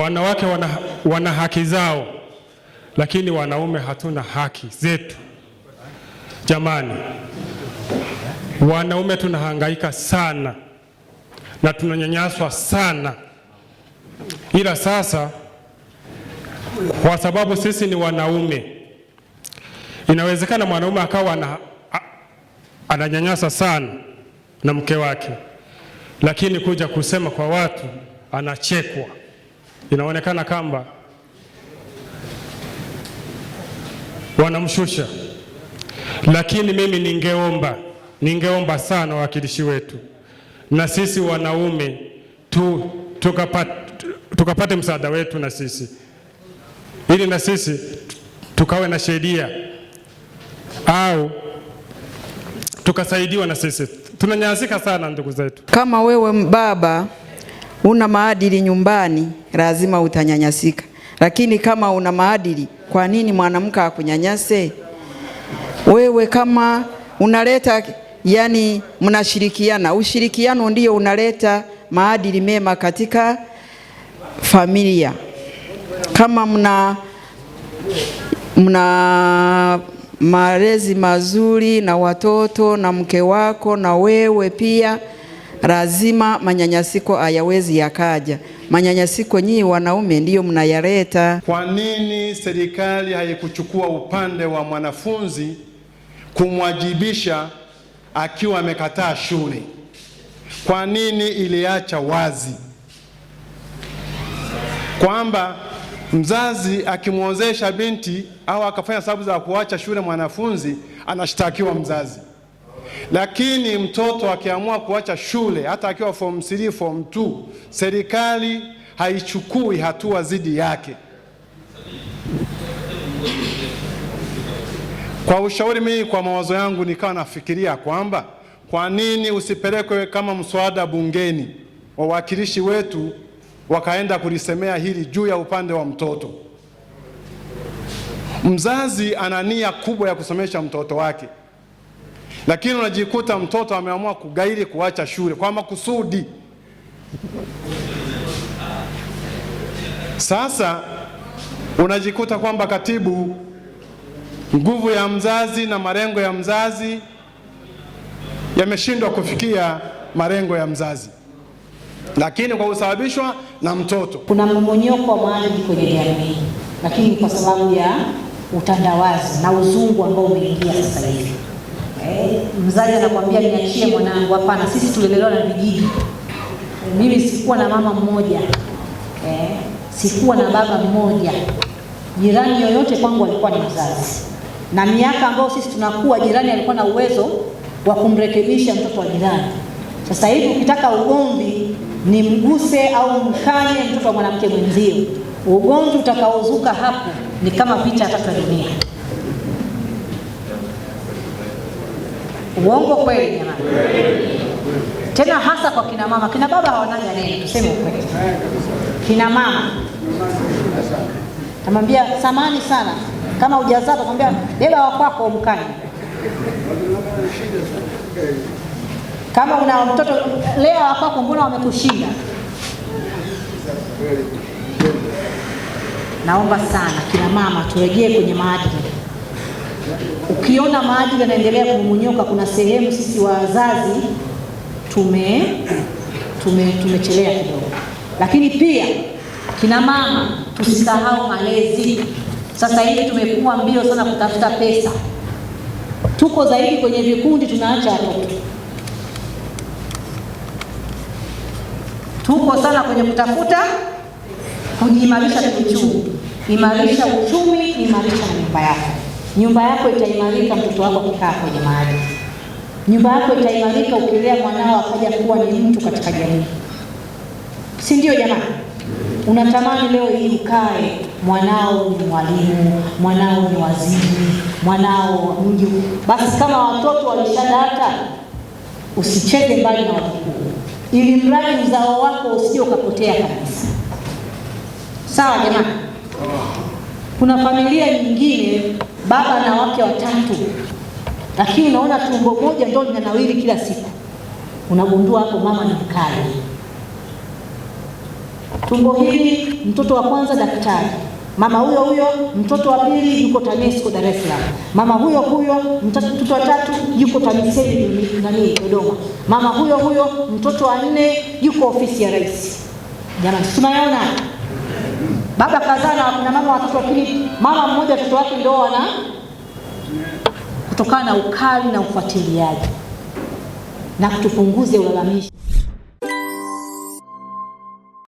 Wanawake wana, wana haki zao, lakini wanaume hatuna haki zetu. Jamani, wanaume tunahangaika sana na tunanyanyaswa sana, ila sasa kwa sababu sisi ni wanaume, inawezekana mwanaume akawa na, ananyanyasa sana na mke wake, lakini kuja kusema kwa watu anachekwa inaonekana kwamba wanamshusha, lakini mimi ningeomba ningeomba sana wawakilishi wetu na sisi wanaume tu, tukapate tukapate msaada wetu na sisi ili na sisi tukawe na sheria au tukasaidiwa na sisi. Tunanyanyasika sana ndugu zetu. Kama wewe baba una maadili nyumbani, lazima utanyanyasika. Lakini kama una maadili, kwa nini mwanamke akunyanyase wewe? Kama unaleta yani, mnashirikiana, ushirikiano ndiyo unaleta maadili mema katika familia. Kama mna mna malezi mazuri na watoto na mke wako na wewe pia lazima manyanyasiko hayawezi yakaja. Manyanyasiko nyinyi wanaume ndiyo mnayaleta. Kwa nini serikali haikuchukua upande wa mwanafunzi kumwajibisha akiwa amekataa shule? Kwa nini iliacha wazi kwamba mzazi akimwozesha binti au akafanya sababu za kuacha shule mwanafunzi anashtakiwa mzazi? Lakini mtoto akiamua kuacha shule hata akiwa form 3, form 2, serikali haichukui hatua dhidi yake. Kwa ushauri mimi, kwa mawazo yangu, nikawa nafikiria kwamba kwa nini usipelekwe kama mswada bungeni, wawakilishi wetu wakaenda kulisemea hili juu ya upande wa mtoto. Mzazi ana nia kubwa ya kusomesha mtoto wake. Lakini unajikuta mtoto ameamua kugairi kuacha shule kwa makusudi. Sasa unajikuta kwamba katibu, nguvu ya mzazi na malengo ya mzazi yameshindwa kufikia malengo ya mzazi, lakini kwa kusababishwa na mtoto. Kuna mmomonyoko wa maadili kwenye jamii, lakini kwa sababu ya utandawazi na uzungu ambao umeingia sasa hivi mzazi anakuambia niachie mwanangu. Hapana, sisi tulilelewa na vijiji. Mimi sikuwa na mama mmoja eh, sikuwa na baba mmoja. Jirani yoyote kwangu alikuwa ni mzazi, na miaka ambayo sisi tunakuwa, jirani alikuwa na uwezo wa kumrekebisha mtoto wa jirani. Sasa hivi ukitaka ugomvi, ni mguse au mkanye mtoto wa mwanamke mwenzio. Ugomvi utakaozuka hapo ni kama vita ya tatu ya dunia. Uongo kweli jamani, tena hasa kwa kina mama. Kina baba hawanaga nini, tuseme ukweli. Kina mama namwambia samani sana, kama hujazaa takwambia beba wa kwako umkanye. Kama una mtoto leo wa kwako, mbona wamekushinda? Naomba sana kina mama turejee kwenye maadili. Ukiona maji yanaendelea kumunyoka, kuna sehemu sisi wazazi tume tume tumechelea kidogo, lakini pia kina mama tusisahau malezi. Sasa hivi tumekuwa mbio sana kutafuta pesa, tuko zaidi kwenye vikundi, tunaacha watoto, tuko sana kwenye kutafuta kujiimarisha kiuchumi, imarisha uchumi, imarisha nyumba yako. Nyumba yako itaimarika mtoto wako akikaa kwenye maadili. Nyumba yako itaimarika ukilea mwanao akaja kuwa ni mtu katika jamii, si ndio? Jamani, unatamani leo hii ukae, mwanao ni mwalimu, mwanao ni waziri, mwanao mju. Basi kama watoto walishadata, usicheke mbali na wajukuu, ili mradi uzao wako usije ukapotea kabisa. Sawa jamani? Kuna familia nyingine baba na wake watatu, lakini unaona tumbo moja ndio linanawili kila siku. Unagundua hapo mama ni mkali. Tumbo hili, mtoto wa kwanza daktari, mama huyo huyo, mtoto wa pili yuko TANESCO Dar es Salaam, mama huyo huyo, mtoto wa tatu yuko TAMISEMI nani Dodoma, mama huyo huyo, mtoto wa nne yuko ofisi ya rais. Jamani, tunaona baba kadhaa na wakina mama watoto, lakini mama mmoja watoto wake ndio wana kutokana na ukali na ufuatiliaji na kutupunguze ulalamishi.